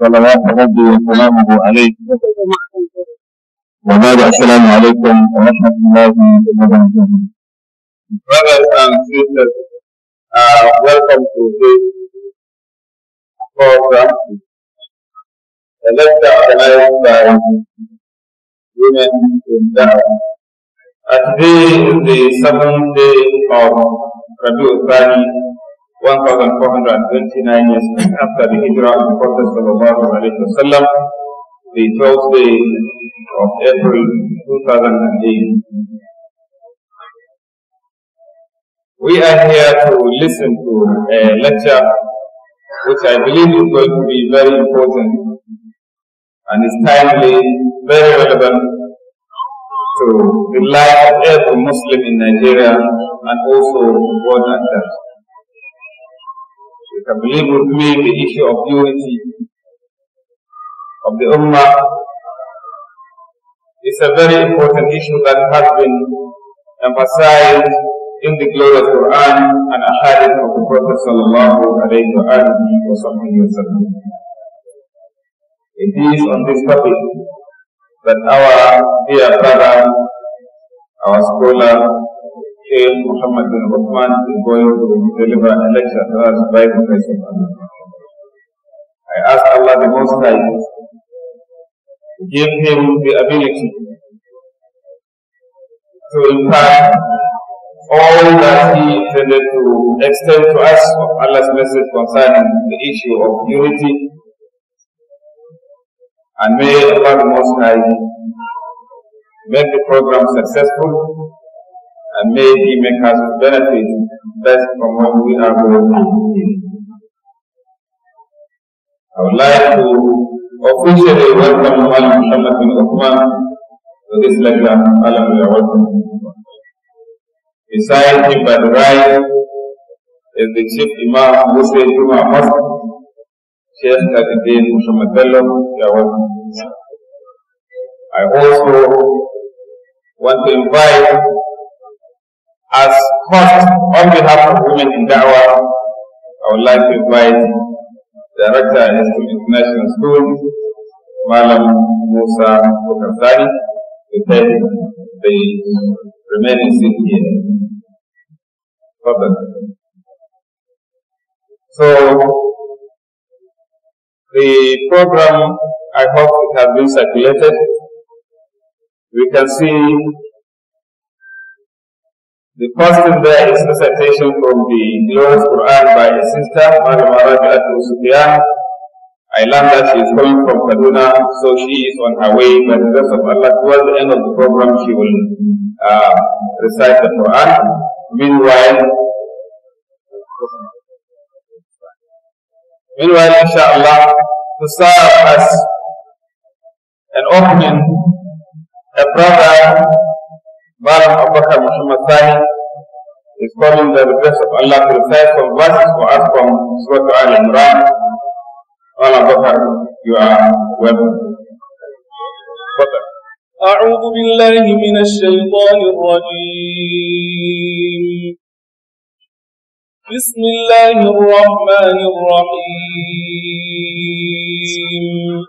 صلوات ربي وسلامه عليه وبعد السلام عليكم ورحمة الله وبركاته. Brothers and sisters, uh, welcome to this program. The lecture organized by Women in Dharma. today is the seventh day of Rabiul Thani 1429 years after the hijrah of the Prophet sallallahu the 12th day of April 2008. We are here to listen to a lecture which I believe is going to be very important and is timely, very relevant to the life of every Muslim in Nigeria and also world at large can believe with to the issue of unity of the Ummah is a very important issue that has been emphasized in the glorious Quran and Ahadith of the Prophet sallallahu alaihi wasallam. It is on this topic that our dear brother, our scholar, Sheikh Muhammad bin Uthman is going to deliver a lecture to us by the grace of Allah. I ask Allah the Most High to give him the ability to impart all that he intended to extend to us of Allah's message concerning the issue of unity. And may Allah the Most High make the program successful and may He make us benefit best from what we are going through. I would like to officially welcome Alam Muhammad bin Uthman to this lecture. Alam, welcome. Beside him by the right is the Chief Imam Hussein Juma Mosque, Sheikh Khadidin Muhammad Bello, I also want to invite As host on behalf of Women in Dawah, I would like to invite Director of International Schools, Malam Musa Kokanzani, to take the remaining seat here. Further. So, the program, I hope it has been circulated. We can see the first is there is recitation from the glorious Quran by his sister, Madam Rabi'at Usufyan. I learned that she is coming from Kaduna, so she is on her way. By the grace of Allah, towards the end of the program, she will uh, recite the Quran. Meanwhile, meanwhile, inshallah, to serve as an opening, a brother Barah Abubakar Muhammad Sani is calling the request of Allah to recite some verses for us from Surah Al Imran. Allah Abubakar, you are welcome. أعوذ بالله من الشيطان الرجيم بسم الله الرحمن الرحيم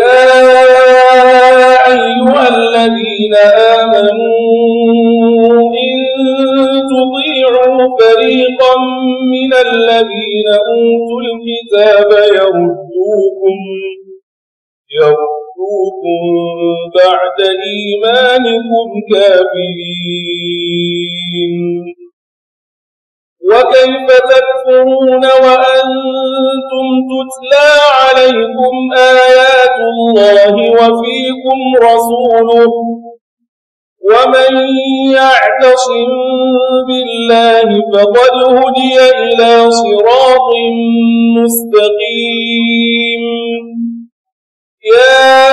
يا أيها الذين آمنوا إن تطيعوا فريقا من الذين أوتوا الكتاب يردوكم يردوكم بعد إيمانكم كافرين وكيف تكفرون وأنتم تتلى عليكم آيات الله وفيكم رسوله ومن يعتصم بالله فقد هدي إلى صراط مستقيم يا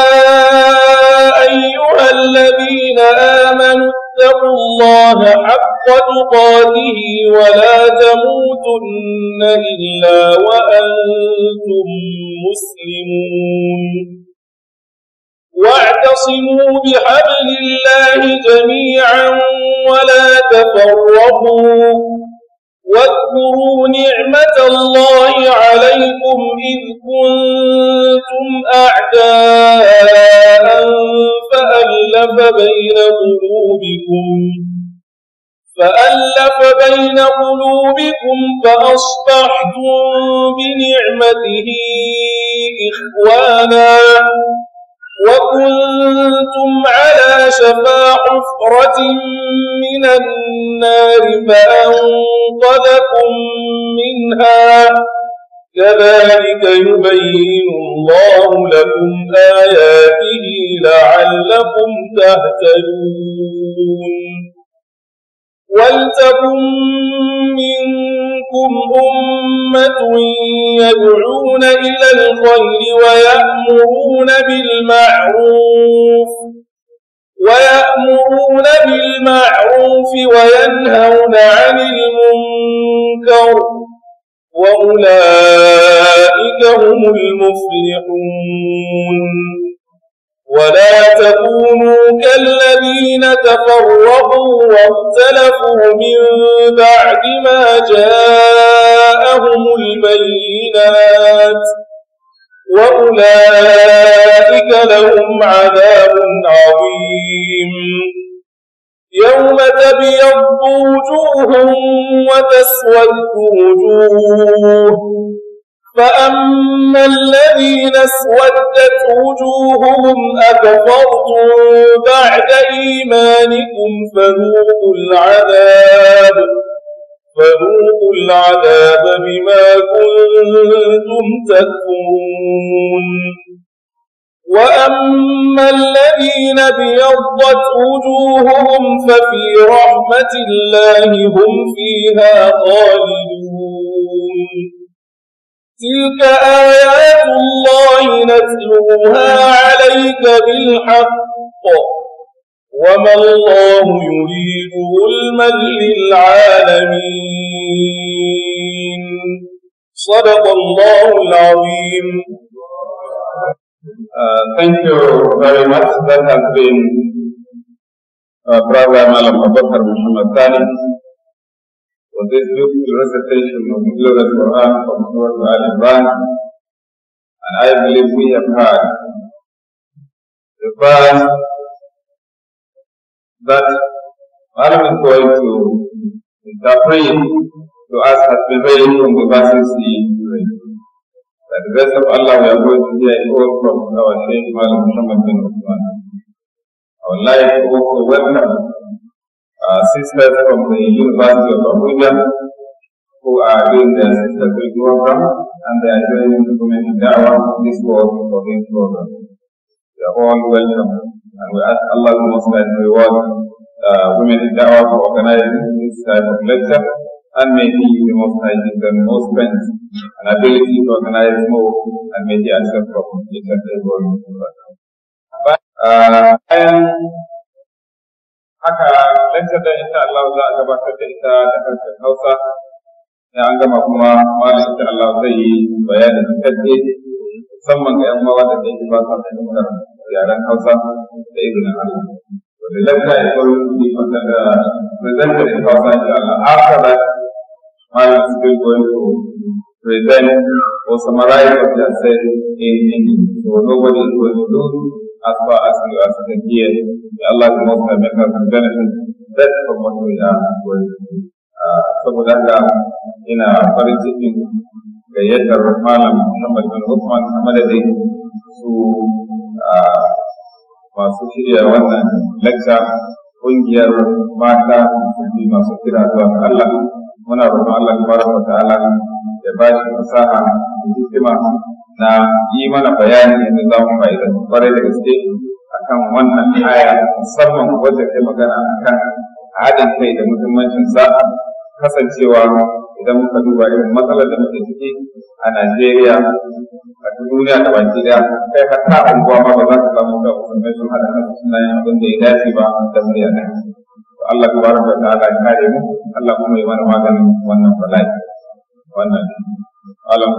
أيها الذين آمنوا اتقوا الله حق تقاته ولا تموتن إلا وأنتم مسلمون واعتصموا بحبل الله جميعا ولا تفرقوا واذكروا نعمة الله عليكم إذ كنتم أعداء فألف بين قلوبكم فألف بين قلوبكم فأصبحتم بنعمته إخوانا وكنتم على شفا حفرة من النار فأنقذكم منها كذلك يبين الله لكم آياته لعلكم تهتدون ولتكن منكم أمة يدعون إلى الخير ويأمرون بالمعروف ويأمرون بالمعروف وينهون عن المنكر وأولئك هم المفلحون ولا تكونوا كالذين تفرقوا واختلفوا من بعد ما جاءهم البينات وأولئك لهم عذاب عظيم يوم تبيض وجوه وتسود وجوه فأما الذين اسودت وجوههم أكفرتم بعد إيمانكم فذوقوا العذاب فذوقوا العذاب بما كنتم تكفرون وأما الذين ابيضت وجوههم ففي رحمة الله هم فيها خالدون تلك آيات الله نتلوها عليك بالحق وما الله يريد ظلما للعالمين صدق الله العظيم Uh, thank you very much. That has been uh, Brother Malam Abakar Muhammad Thani for this beautiful recitation of the Glorious Quran from Surah Al Imran. And I believe we have heard the verse that Malam is going to interpret to us has been read from the verses he read. That the rest of Allah we are going to hear all from our Shaykh Malam Muhammad bin Uthman. Our life also welcome uh, sisters from the University of Abuja who are doing their sisterhood program and they are joining the community da'wah this work for this program. They are all welcome and we ask Allah to most high to reward uh, women in da'wah for organizing this type of lecture and maybe the most high give them more strength and ability to organize more and maybe He accept from the and every one of us. uh, da insha Allah za a gabatar da ita da harshen Hausa sai an gama kuma malam insha Allah zai yi bayani da kake musamman ga 'yan uwa da ke ba sa fahimtar yaren Hausa da irin Allah. Wanda lafiya ya kawo ni wanda da presentar da Hausa insha Allah. After that, malam is still ko to present or summarize what he has said in English. So nobody is going to do as far as you are sitting here. May Allah the Most High make us benefit that from what we are going to do. Saboda haka ina farin cikin gayyatar Malam Muhammad bin Usman a madadin su masu shirya wannan lecture ƙungiyar mata musulmi masu kira zuwa ga Allah muna roƙon Allah tabaraka ta'ala da ba shi fasaha da hikima na yi mana bayani yadda za mu da kwarai da gaske a kan wannan aya musamman wadda kai magana a kan haɗin kai da muhimmancin sa kasancewa idan muka duba irin matsalar da muke ciki a Najeriya a duniya da baki daya kai ta unguwa ma ba za ka samu da musulmai hada kan suna yin abin da ya dace ba da murya Allah tabaraka wa ta'ala ala kare mu Allah kuma ya mana maganin wannan bala'i wannan alam